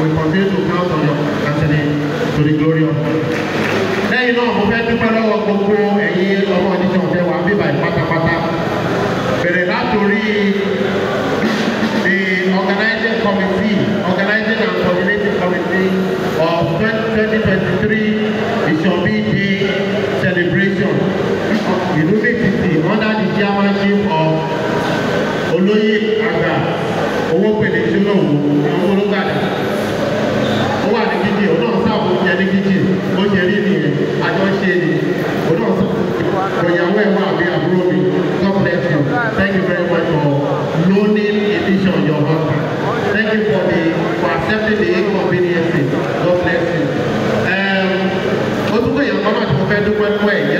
We continue to count on your capacity to the glory of God. lẹ́yìn náà mo fẹ́ dúpẹ́ lọ́wọ́ gbogbo ẹ̀yin ọmọ ìdíje ọ̀fẹ́ wa bíbá ìpátápátá bẹ̀rẹ̀ látòrí the organizing committee organizing and accepting the inconveniences God bless you. Um, ó tún pè yàn kọ́ máa tí mo fẹ́ dúpẹ́ fún ẹ̀yẹ́.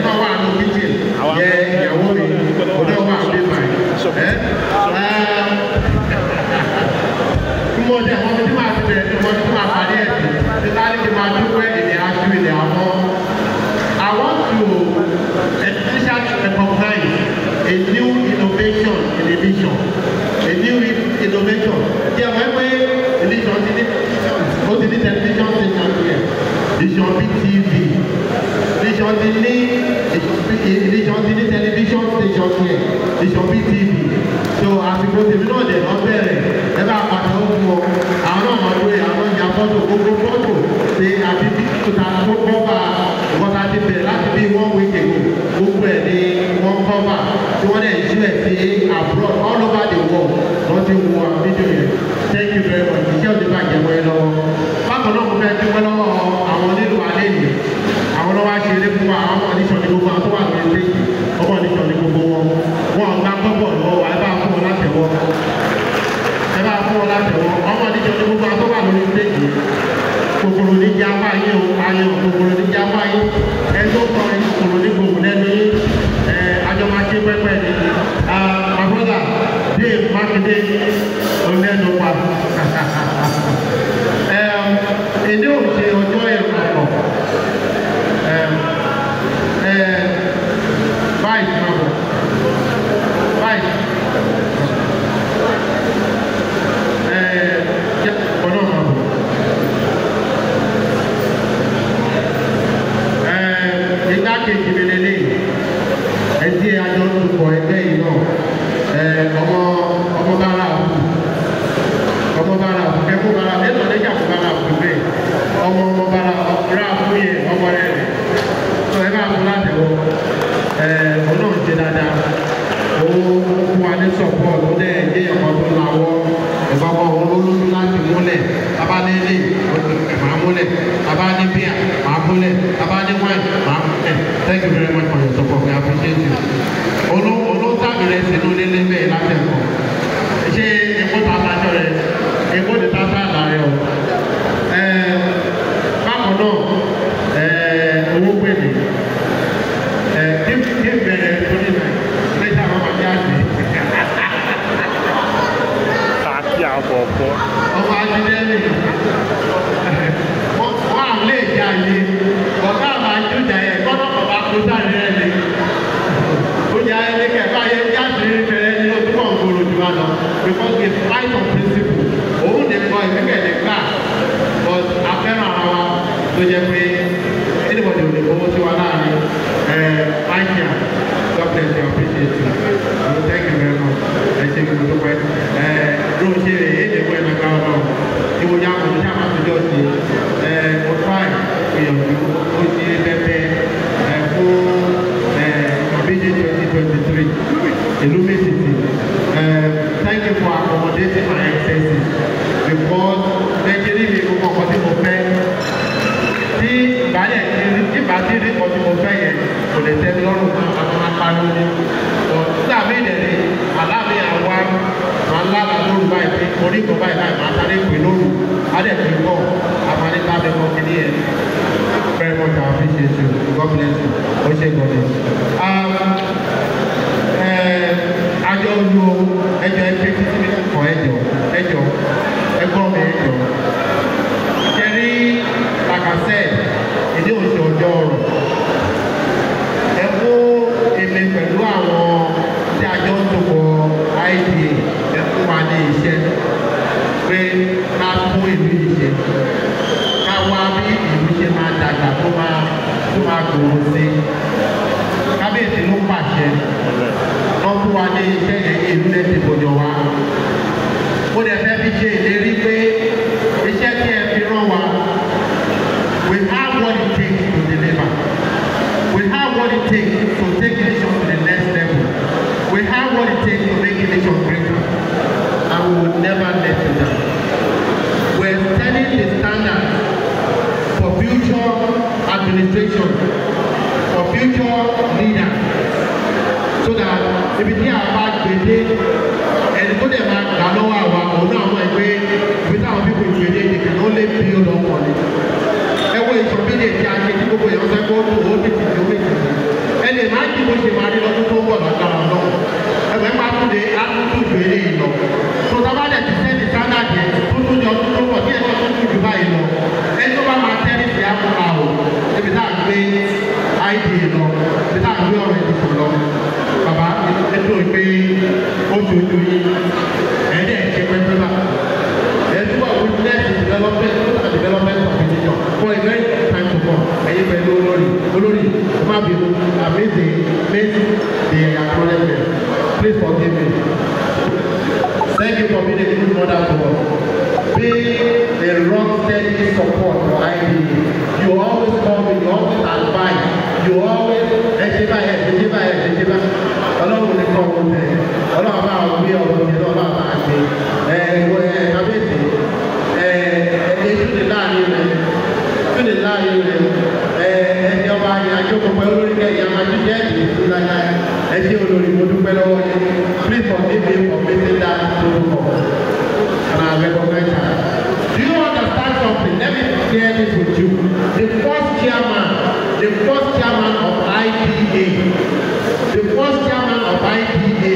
ilé fún wa ọmọ oníṣọ ní gbogbo àwọn tó wà lórí ilé ọmọ oníṣọ ní gbogbo wọn wọn gba gbọ́bọ̀ lọ́wọ́ ẹ bá fún wọn látẹ̀wọ́ ẹ bá fún wọn látẹ̀wọ́ ọmọ oníṣọ ní gbogbo àwọn tó wà lórí ilé kòkòrò ní jẹ apá yẹn o ayé o kòkòrò igbákejì mi lélẹ̀ ẹtí àjọ olùkọ́ ẹgbẹ́ yìí náà ẹ ọmọ ọmọ bára àbù ọmọ bára àbù ẹkọ bára àbù ẹnà ọdẹjà kó bára àbù bẹ́ẹ̀ ọmọ ọmọ bára ọkùnrin àbù yẹ ọmọ rẹ rẹ tó ẹ bá fún látẹwọ ẹ ọ̀nà òjè dáadáa ó fún wa ní sọ̀pọ̀ ó dẹ̀ ẹ̀jẹ̀ ẹ̀kọ́ tó lawọ́ ẹ̀kọ́ kọ́ olólùlù láti múlẹ̀ abánilé múlẹ̀ abánibíà máa múlẹ̀ abánilé. Thank you very much. who are they intended to Música share this with you. The first chairman, the first chairman of IPA, the first chairman of IPA,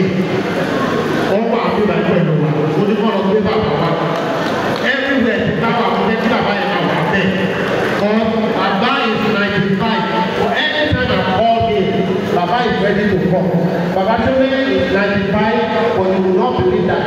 ọwọ́ àbúrò ẹ̀kọ́ ìlú wa, onímọ̀ lọ gbé bàbá wa. Everywhere ti bá wa fún ẹbí bàbá yẹn máa wà bẹ́ẹ̀. Or bàbá is ninety five For any time I call him, Baba is ready to come. Baba Tunde is ninety five but he will not believe that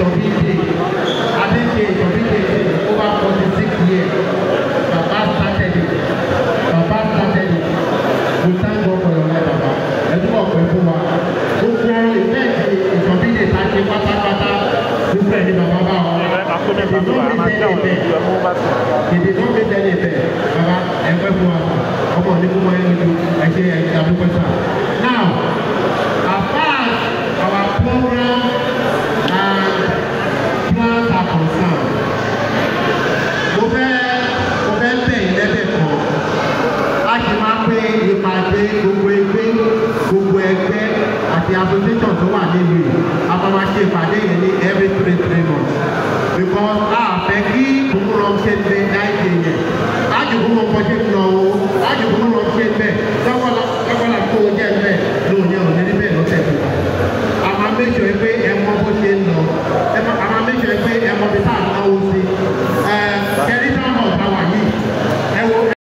Adéjọbí Adéjọbí Adéjọbí over forty years bàbá started it bàbá started it we thank God for your life bàbá ẹdun ọpẹ́ fún wa gbogbo ìfẹ́ Ìjọbí lè ta ṣe pátápátá gbogbo ẹni bàbá bá wa èdè tó ń bẹ tẹ́lẹ̀ bẹ́ẹ̀ èdè tó ń bẹ tẹ́lẹ̀ bẹ́ẹ̀ bàbá ẹ̀fẹ́ fún wa ọmọ onígbọ̀n ẹni tó ẹ̀ṣẹ̀ ẹ̀ṣẹ̀ àdúgbò sáà. today you need every three three months because ah, fẹ́ kí gbogbo lọ ṣe ń bẹ láì dé yẹn a jù fún wọn kọjú ìnáwó a jù fún wọn ṣe ń